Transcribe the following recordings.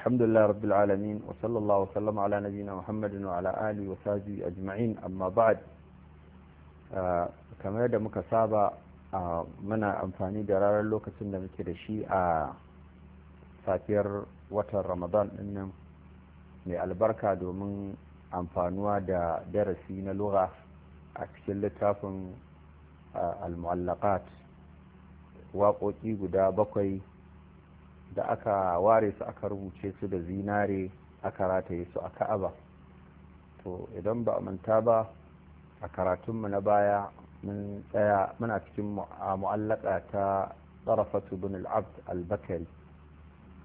الحمد لله رب العالمين وصلى الله وسلم على نبينا محمد وعلى آله وصحبه أجمعين أما بعد كما يدى مكسابة منا أنفاني درار اللوكة سنة مكرشي safiyar watan ramadan ɗinnan mai albarka domin amfanuwa da darasi na lura a cikin littafin al-mu'allaqat waƙoƙi guda bakwai da aka ware su aka rubuce su da zinare aka rataye su a ka'aba to idan ba a manta ba a karatunmu na baya mun tsaya muna cikin mu'allaka ta tsarafatu bin al'abd al-bakari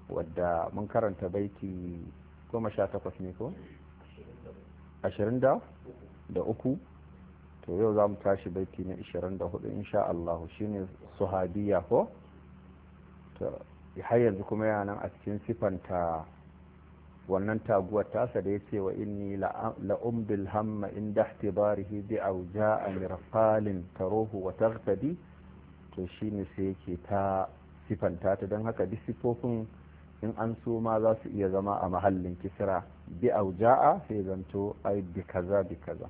wadda mun karanta baiti goma sha takwas ne ko? ashirin da uku to yau za mu tashi baiki na ashirin da hudu insha Allah shine suhabiya ko? har yanzu kuma yana nan a cikin sifanta wannan taguwar tasa da ya ce wa inni la'umbil hamma in dahti bi auja a mirfalin tarohu wa tartadi to shine sai yake ta sifanta ta don haka disipofin in an so ma za su iya zama a mahallin kisra bi auja'a sai zanto ai bi kaza bi kaza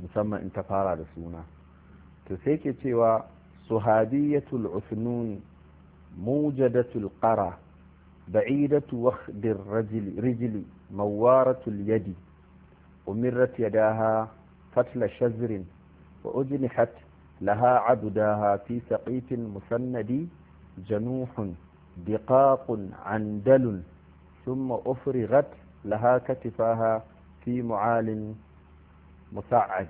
musamman in ta fara da suna to sai ke cewa suhadiyatul usnuni موجدة القرى بعيدة وخد الرجل رجل موارة اليد أمرت يداها فتل شزر وأجنحت لها عبداها في سقيف مسند جنوح دقاق عندل ثم أفرغت لها كتفاها في معال مسعد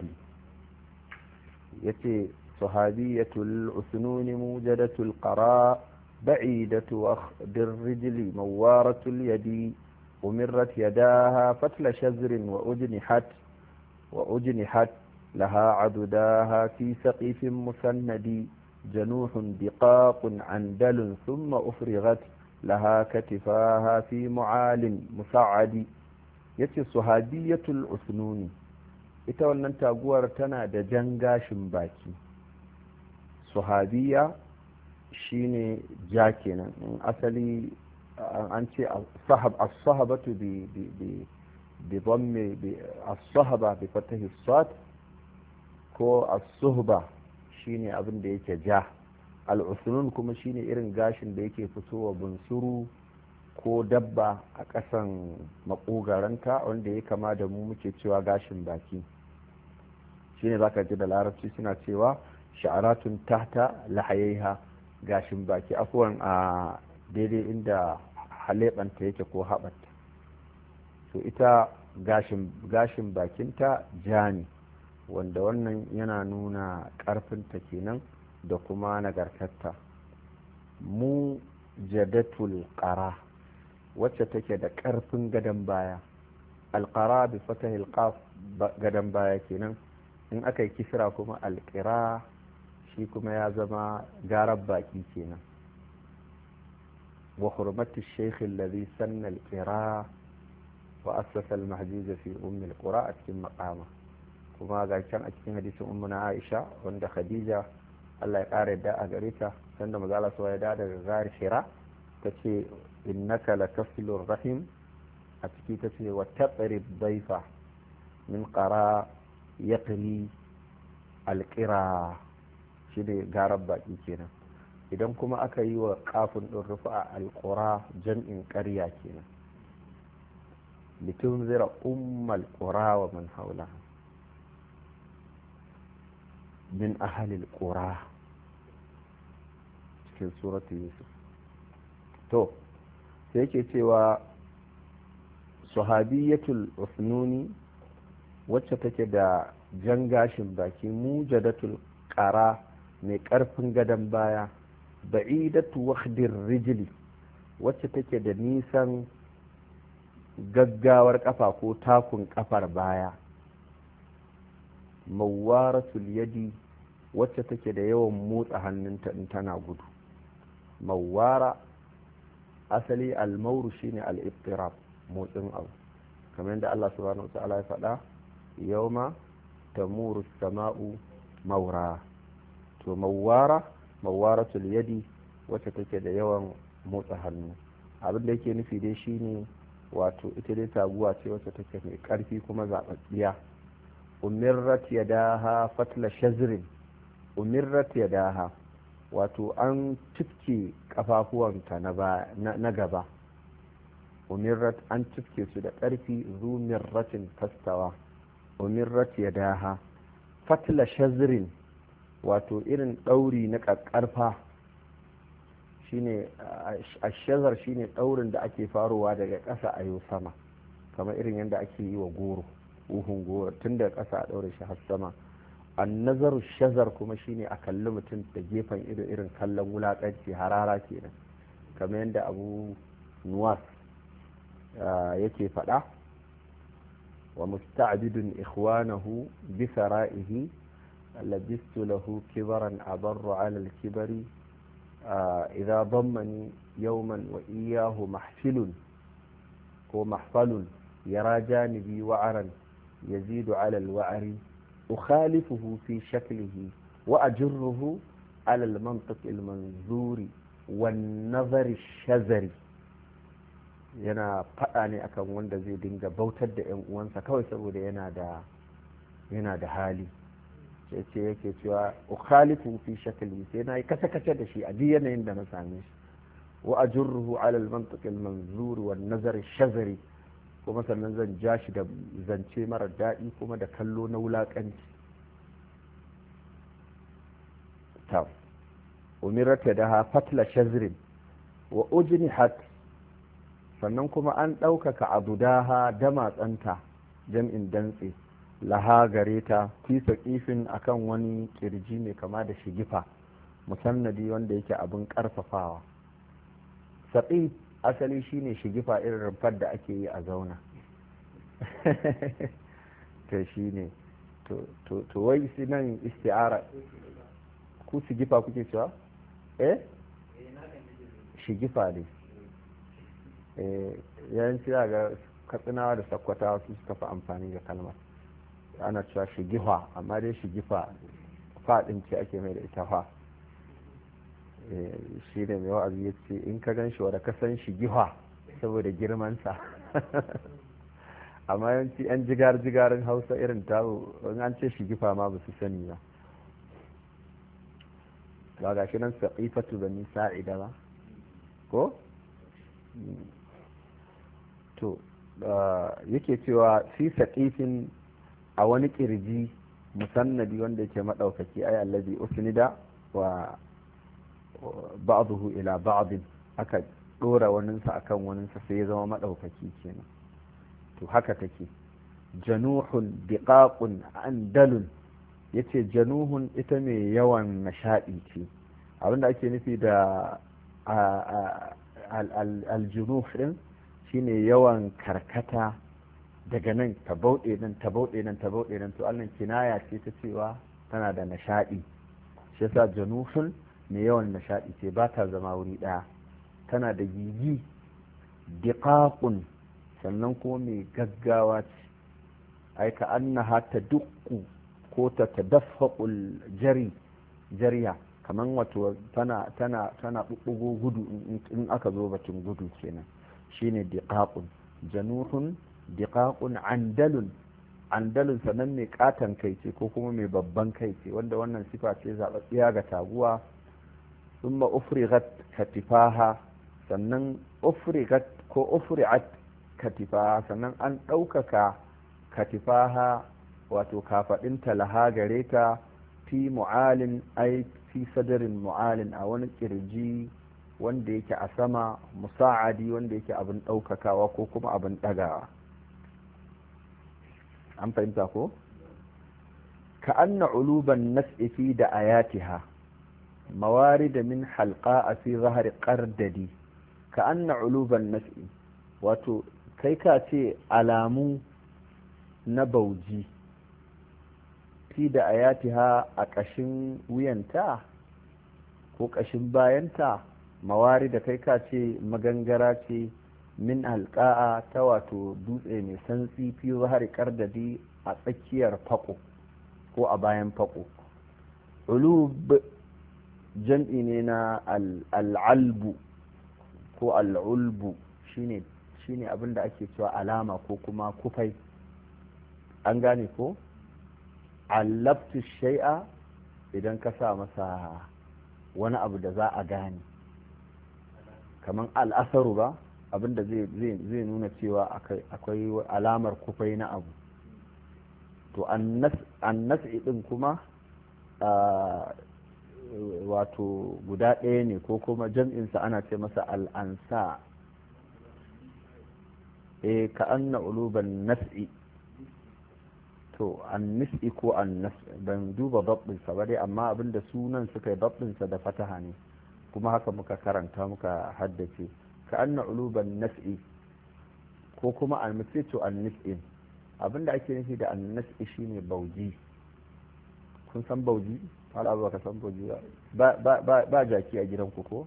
يتي صحابية العسنون موجدة القراء بعيدة أخد الرجل موارة اليد أمرت يداها فتل شزر وأجنحت وأجنحت لها عدداها في سقيف مسند جنوح دقاق عندل ثم أفرغت لها كتفاها في معال مسعد يتي صهادية العثنون ita أنت أقوار تنا دجنجا شمباكي صهادية shine ja kenan in asali an ce as to bi bi bi dhamme bi as-sahaba bi fatahi sad ko as-suhba shine abin da yake ja al-usulun kuma shine irin gashin da yake fitowa bunsuru ko dabba a ƙasan makogaranta wanda ya kama da mu muke cewa gashin baki shine zaka ji da larabci suna cewa sha'aratun tahta lahayaiha gashin baki afuwan a daidai inda halebanta yake ko haɓanta to ita gashin bakinta ja wanda wannan yana nuna ƙarfinta kenan da kuma nagartarta mu jadatul ƙara wacce take da ƙarfin gadon baya alƙara bi fatahil ƙaf gadon baya kenan in aka yi kisra kuma alƙira shi kuma ya zama garar baki kenan wa hurmatu shaykh alladhi sanna al-qira wa assasa al-mahjuza fi umm al-qura a cikin maqama kuma ga can a cikin hadisin ummuna Aisha wanda Khadija Allah ya kare da a gare ta sanda maza Allah ya da daga gari Hira tace innaka lakasilur rahim a ciki tace wa taqrib daifa min qara yaqli al-qira ne garar baki kenan idan kuma aka yi wa kafin ɗin rufa alƙura jam'in ƙarya kenan litun zira ummal ƙura wa man haula min ahalil ƙura cikin suratu yusuf to sai yake cewa sahabiyatul usnuni wacce take da jan gashin baki mujadatul ƙara mai ƙarfin gadon baya ba'idatu wahdin rijili wacce take da nisan gaggawar ƙafa ko takun ƙafar baya mawaratul yadi wacce take da yawan motsa hannunta in tana gudu mawara asali almauru shine al-ittirab motsin abu kamar yadda Allah subhanahu wa ta'ala ya faɗa yawma tamuru sama'u maura wato mawara mawaratul yadi wacce take da yawan motsa hannu abin da yake nufi dai shine wato ita dai taguwa ce wacce take mai karfi kuma zaɓaɓɓiya umirrat yadaha fatla shazrin umirrat yadaha wato an cifke kafafuwanta na gaba umirrat an cifke su da ƙarfi zumirratin fastawa umirrat yadaha fatla shazrin wato irin ɗauri na ƙaƙƙarfa shine a shazar shine ɗaurin da ake farowa daga ƙasa a yau sama kamar irin yadda ake yi wa goro uhun goro tun daga ƙasa a ɗaure shi har sama nazar shazar kuma shine a kalli mutum da gefen ido irin kallon wulaƙanci harara kenan kamar yadda abu nuwas yake faɗa wa musta'abidun ikhwanahu bi sara'ihi labistu lahu kibaran abarru ala al-kibari idza dammani yawman wa iyyahu mahfilun ko mahfalun yara janibi wa'aran yazidu ala al-wa'ari ukhalifuhu fi shaklihi wa ajurruhu ala al-mantiq al-manzuri wan nazari shazari yana faɗa ne akan wanda zai dinga bautar da 'yan uwansa kawai saboda yana yana da hali sai ce yake cewa ukhalifu fi shakli sai na yi kace kace da shi a duk yanayin da na same shi wa ajurruhu ala al-mantiq al-manzur wa an-nazar kuma sannan zan ja shi da zance mara daɗi kuma da kallo na wulaƙanci ta umirata da ha fatla shazrin wa Hat, sannan kuma an ɗaukaka abu daha da matsanta jam'in dantse laha gare ta fi kifin akan wani kirji mai kama da shigifa musannadi wanda yake abin karfafawa saƙif asali shine shigifa irin rumfar da ake yi a zauna to shine to wai su nan isti'ara ku shigifa kuke cewa eh shigifa ne eh yawanci ga katsinawa da sakwatawa su suka fi amfani da kalmar ana cewa shigifa amma dai shigifa faɗin ce ake mai da ita fa eh, shi ne mai wa'azi ya ce in ka gan shi wadda ka san shigifa saboda girmansa amma yanci yan jigar-jigarin hausa irin ta in an ce shigifa ma ba su sani ba ba ga shi nan da nisa sa'ida ba ko hmm. to ah, yake cewa fi saƙifin a wani kirji musannadi wanda yake maɗaukaki ay allazi usnida wa ba'dahu ila ba'd aka dora waninsa akan waninsa sai ya zama maɗaukaki kenan to haka take januhun biqaqun andalun yace januhun ita mai yawan nashadi ce abinda ake nufi da aljunuh din shine yawan karkata daga nan ta bauɗe nan ta bauɗe nan ta bauɗe nan to allah kinaya ce ta cewa tana da nishaɗi shi yasa janusun mai yawan nishaɗi ce ba ta zama wuri ɗaya tana da gigi diƙaƙun sannan ko mai gaggawa ce ai ka annaha ta dukku ko ta tadaffaqul jari jariya kaman wato tana tana tana gudu in aka zo bakin gudu kenan shine diqaqun januhun diqaqun andalun andalun sanan mai katan kai ce ko kuma mai babban kai ce wanda wannan sifa ce zaɓaɓɓiya ga taguwa thumma ufrigat katifaha sannan ufrigat ko ufri'at katifaha sannan an ɗaukaka katifaha wato kafaɗinta laha gare ta fi mu'alin ai fi sadarin mu'alin a wani kirji wanda yake a sama musa'adi wanda yake abin ɗaukakawa ko kuma abin ɗagawa an fahimta ko ka anna uluban nas'i fi da ayatiha mawarid min halqa fi zahar qardadi ka anna uluban nas'i wato kai ka ce alamu na bauji fi da ayatiha a ƙashin wuyanta ko ƙashin bayanta mawari da kai ka ce magangara ce min alƙa'a ta wato dutse mai santsi fi zahari kardadi a tsakiyar fako ko a bayan fako ulub jam'i ne na al'albu ko al'ulbu shine shine abin da ake cewa alama ko kuma kufai an gane ko allabtu shai'a idan ka sa masa wani abu da za a gane kamar al'asaru ba abinda zai nuna cewa akwai alamar kufai na abu to annas din kuma wato guda ɗaya ne ko kuma jam'insa ana ce masa al'ansa e ka anna uluban nas'i to an nis'i ko an nas ban duba babbinsa ba dai amma abinda sunan suka yi babbinsa da fataha ne kuma haka muka karanta muka haddace ka anna uluban nas'i ko kuma al musitu an abinda ake nufi da an nas'i shine bauji kun san bauji fara ba ka san bauji ba ba jaki a gidan ku ko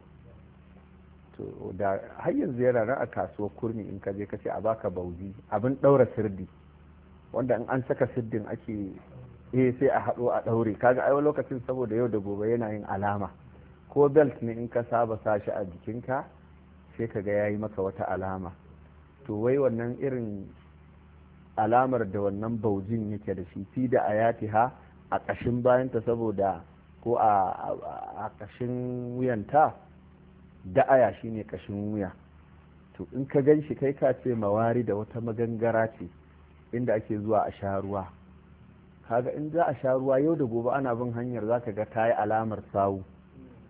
to da har yanzu yana nan a kasuwar kurmi in ka je ka ce a baka bauji abin daura sirdi wanda in an saka sirdin ake eh sai a hado a daure kaga ai lokacin saboda yau da gobe yana yin alama ko belt ne in ka saba sashi a jikinka sai ka ga ya yi maka wata alama to wai wannan irin alamar da wannan baujin yake da shi fi da ha a ƙashin bayanta saboda ko a ƙashin wuyanta da'aya ne ƙashin wuya to in ka gan shi kai ka ce mawari da wata magangara ce inda ake zuwa a sha ruwa kaga in za a sha ruwa yau da gobe ana bin hanyar za ka ga ta yi alamar sawu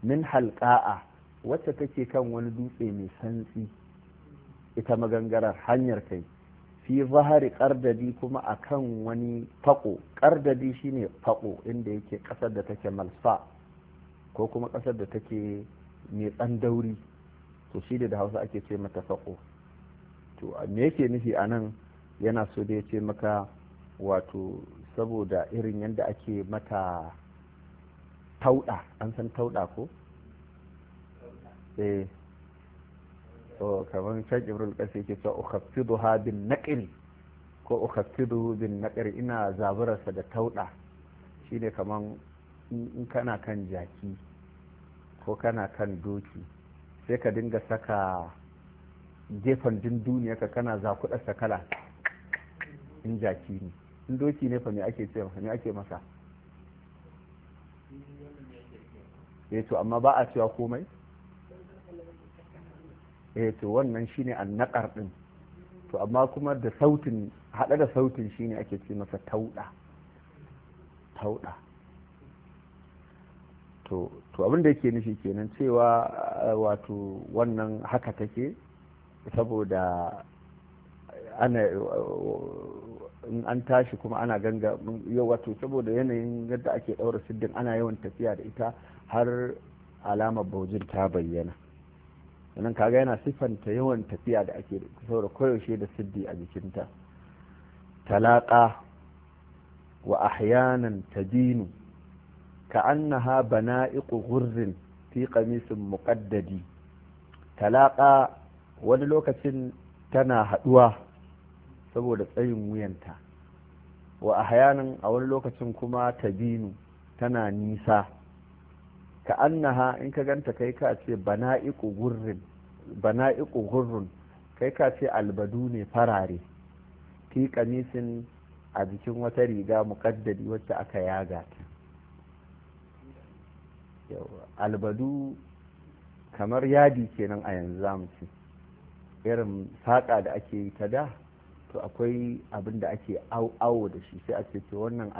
min halka'a. wacce take kan wani dutse mai santsi ita magangarar hanyar kai fi zahari kardadi kuma a kan wani fako kardadi shine fako inda yake kasar da take malfa ko kuma kasar da take mai dauri to shi da hausa ake ce mata fako to me yake nufi anan yana so da ya ce maka wato saboda irin yadda ake mata tauɗa an san tauɗa ko eh to kamar shaq ibrahim kasi yake cewa ha bin naqri ko ukhaffiduhu bin naqri ina zaburarsa da tauda shine kaman in kana kan jaki ko kana kan doki sai ka dinga saka gefen dinduniya ka kana zakuɗa kala in jaki ne in doki ne fa me ake ce me ake masa eh to amma ba a cewa komai eh to wannan shine annaqar din to amma kuma da sautin hada da sautin shine ake ce masa tauda tauda to to abin da yake nufi kenan cewa eh, wato wannan haka take saboda ana in an tashi kuma ana ganga yau wato saboda yanayin yadda ake ɗaura siddin ana yawan tafiya da ita har alamar baujin ta bayyana sannan kaga yana siffanta yawan tafiya da ake saboda koyaushe da siddi a jikinta Talaka wa ahyanan tadinu ka annaha bana'iqu ghurrin fi qamisin muqaddadi Talaka wani lokacin tana haɗuwa saboda tsayin wuyanta wa ahyanan a wani lokacin kuma tadinu tana nisa ka annaha in ka ganta kai ka ce bana'iqu gurrin bana'iqu gurrun kai ka ce albadu ne farare fi kamisin a jikin wata riga muƙaddari wacce aka yaga ta albadu kamar yadi kenan a yanzu zamu ce irin saƙa da ake yi ta da to akwai abin da ake awo da shi sai a ce wannan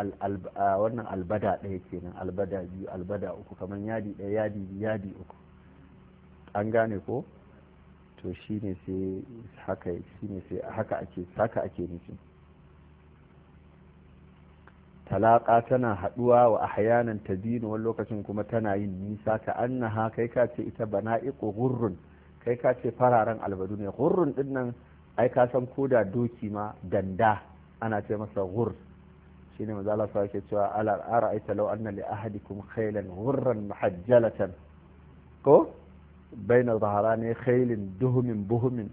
albada ɗaya kenan albada biyu albada uku kamar yadi ɗaya yadi biyu yadi uku an gane ko to shi ne sai haka shi sai haka ake haka ake nufi talaka tana haduwa wa ahyanan tazinu wani lokacin kuma tana yin nisa ka annaha kai ka ce ita iko gurrun kai ka ce fararen albadu ne gurrun nan. ai ka san koda doki ma danda ana ce masa ghur shine manzo Allah sai yake cewa ala ara'aita law anna li ahadikum khaylan ghurran muhajjalatan ko baina dhahrani khaylin duhumin buhumin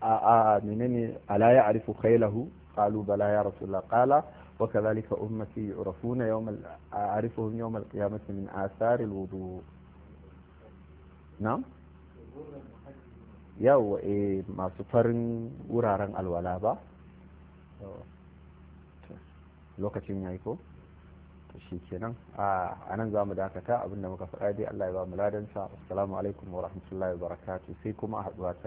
a a menene ala ya'rifu khaylahu qalu bala ya rasulullah qala وكذلك أمتي يعرفون يوم أعرفهم يوم القيامة من آثار الوضوء نعم yawo wae eh, masu farin wuraren alwala ba lokacin ya yi ko to shi kenan a nan za mu dakata abinda muka faɗa dai Allah ya ba mu ladansa assalamu alaikum wa rahmatullahi wa barakatuh sai kuma a haɗuwa